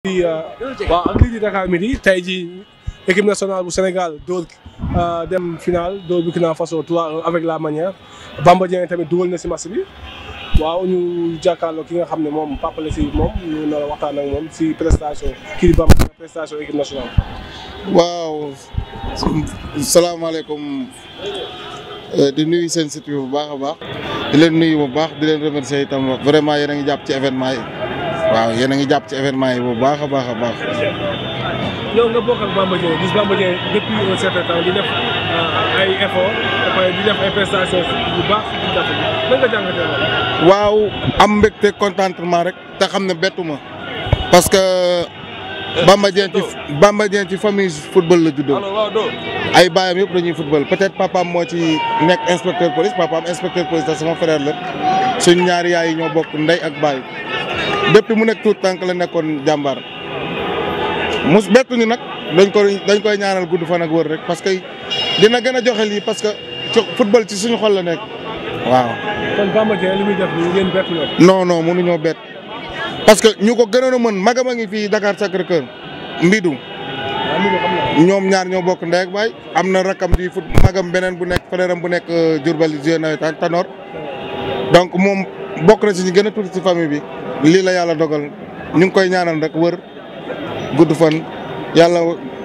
Euh, waaw di Dakar Midi tey jii équipe nationale bu Sénégal dóor euh, dem final dóor Burkina Faso 3 avec la manière Bamba Dieng tamit dugal na si match bi waaw ñu jàkkaarloo ki nga xam ne moom mu la si moom ñu nar waxtaan ak moom si prestation kii di Bamba prestation équipe nationale. waaw salaamaaleykum euh, di nuyu seen site bu baax a baax di leen nuyu bu baax di leen remercier itam vraiment yéen a ngi jàpp ci événement yi. waaw yéen a ngi jàpp ci événement yi bu baax a baax a baax. Euh, waaw am mbégte contentement rek te xam ne bettuma parce que Bamba Dieng ci Bamba Dieng ci famille football la juddoo ay baayam yëpp dañuy football peut-être papaam moo ci nekk inspecteur police papaam inspecteur police te sama frère la suñ ñaari yaay yi ñoo bokk ndey ak baay. depuis mu nekk tuut tànk la nekkoon jàmbaar mus bettuñu nag dañ ko dañ koy ñaanal gudd fan ak wër rek parce que dina gën a joxe lii parce que ci football ci suñu xol la nekk waaw. kon Bamba Dieng li muy mënuñoo bett parce que ñu ko gënoon a mën magam a ngi fii Dakar Sacré-Cœur ñoom ñaar ñoo bokk ndey ak baay am na rakam di fut magam beneen bu nekk frère bu nekk euh, Diourbel di joué nawetaan Tanor donc moom bokk na ci ñu gën a tuuti ci famille bi. lii la yàlla dogal ñu ngi koy ñaanal rek wër gudd fan yàlla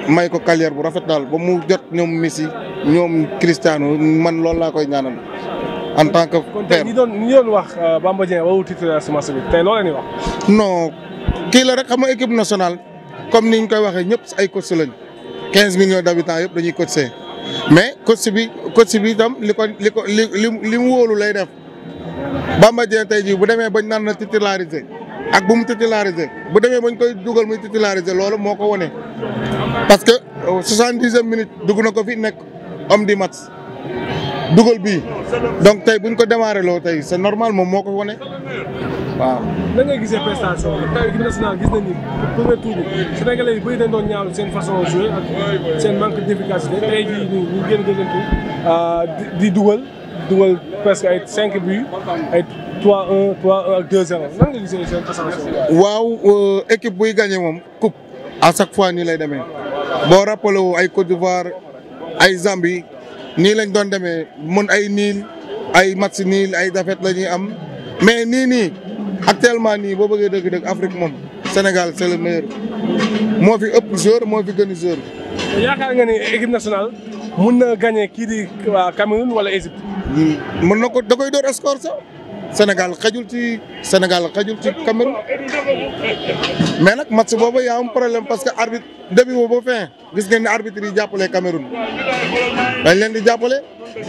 may ko carrière bu rafet daal ba mu jot ñoom Messi ñoom Cristiano man loolu laa koy ñaanal en tant que père. kon doon ñi wax euh, Bamba Dieng wawul titulaire semence bi tey loo leen wax. non kii la rek xam nga équipe nationale comme ni ñu koy waxee ñëpp ay coach lañ quinze millions d' habitants yëpp dañuy coacher mais coach bi coach bi itam li ko li ko li li mu wóolu lay def. Bamba Dieng tey jii bu demee bañ naan na titularisé ak bu mu titularisé bu demee bañ koy dugal muy titularisé loolu moo ko wone parce que euh, soixante-dixième minute dugg na ko fi nekk homme di match dugal bi donc tey buñ ko démarré loo tey c'est normal moom moo ko wone waaw. na nga gisee prestation bi tey équipe nationale gis nañu seen façon jouer ak manque d'efficacité tey euh, di dugal. dugal presque ay 5 buts ay trois 1 3-1 ak 2-0 nan nga waaw euh, équipe buy gagné moom coupe à chaque fois nii lay demee boo rappelé wu ay Côte voir ay Zambie nii lañ doon demee mun ay niil ay match niil ay défaite la ñuy am mais nii nii actuellement nii boo bëggee dëgg-dëgg Afrique moom Sénégal c'est le meilleur moo fi ëpp joueur moo fi gën a joueur. yaakaar nga ni équipe mun na gagné kii di waa Cameroun wala Égypte. mën na ko da koy door score sax Sénégal xajul ci Sénégal xajul ci Cameroun mais nag match boobu yaa am problème parce que arbitre début boobu ba fin gis ngeen ne arbitre yi jàppale Cameroun dañ leen jàppale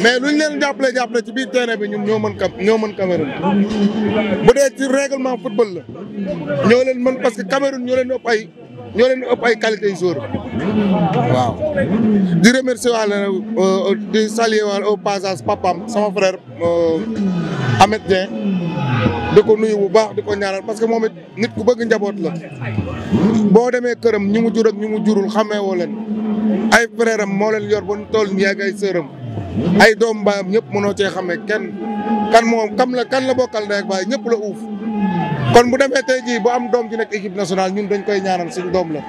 mais luñ leen jàppale jàppale ci biir terrain bi ñun ñoo mën Cam ñoo mën Cameroun bu dee ci règlement football la ñoo leen mën parce que Cameroun ñoo ay. ñoo leen ëpp ay qualité yu jour waaw di remercier wax la euh, di saluer wax au passage papam sama frère euh, Amet Dieng di ko nuyu bu baax di ko ñaanal parce que moom it nit ku bëgg njaboot la boo demee këram ñu mu jur ak ñu mu jurul xamee woo leen ay frère moo leen yor ba ñu toll nii ak ay sëram ay doom mbaayam ñëpp mënoo cee xamee kenn kan moom kam la kan la boo ndey ak baay ñëpp la uuf kon bu demee tey jii bu am doom ji nekk équipe nationale ñun dañ koy ñaanal suñu doom la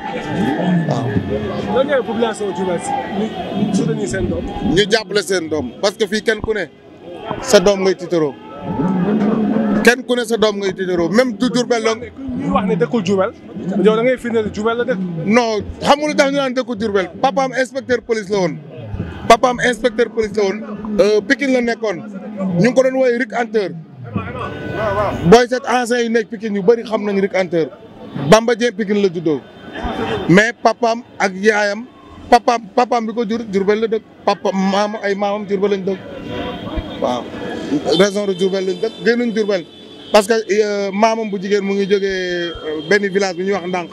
waaw. lan ngay population ñu soutenir seen jàppale seen doom parce que fii kenn ku ne sa doom ngay tiitaroo kenn ku ne sa doom ngay tiitaroo même du Diourbel la. ñuy wax ne dëkku Diourbel yow da ngay firndeel Diourbel la xamul tax ñu naan dëkku Diourbel papaam inspecteur police la woon. papam inspecteur police la woon. Euh, Pikine la nekkoon ñu ngi ko doon woowee Rick Hunter. booy seet anciens yi nekk Pikine yu bëri xam nañu Luc Anteur Bamba Dieng Pikine la juddoo mais papam ak yaayam papaam papaam bi ko jur Diourbel la dëkk papa maam ay maamam Diourbel lañ dëkk waaw région de Diourbel lañ dëkk génnuñ Diourbel parce que euh, maamam bu jigéen mu ngi jógee euh, benn village bu ñuy wax ndànk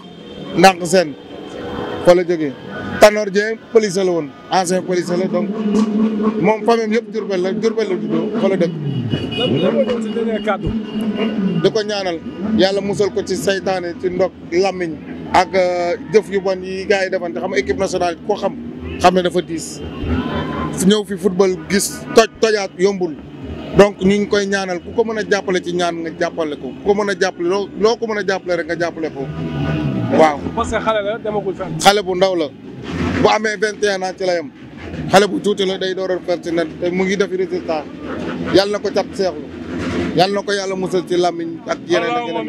ndànk seen fa la Tanor Dieng policier la woon ancien policier la donc moom famille yëpp Diourbel la Diourbel la juddoo fa la dëkk. di ko ñaanal yàlla musal ko ci seytaane ci ndog làmmiñ ak euh, jëf yu bon yi gars yi defante xam équipe nationale ko xam xam ne dafa diis ñëw fi football gis toj tojaat yombul. donc ñu ngi koy ñaanal ku ko mën a jàppale ci ñaan nga jàppale ko ku ko mën a jàppale loo loo ko mën a jàppale rek nga jàppale ko waaw. parce que xale la xale bu ndaw la. boo amee 21 ans ci la yem xale bu tuuti la day door a pertinent te mu ngi def résultat yàlla na ko cat seexlu yàlla na ko yàlla musal ci làmmiñ ak yeneen ak yeneen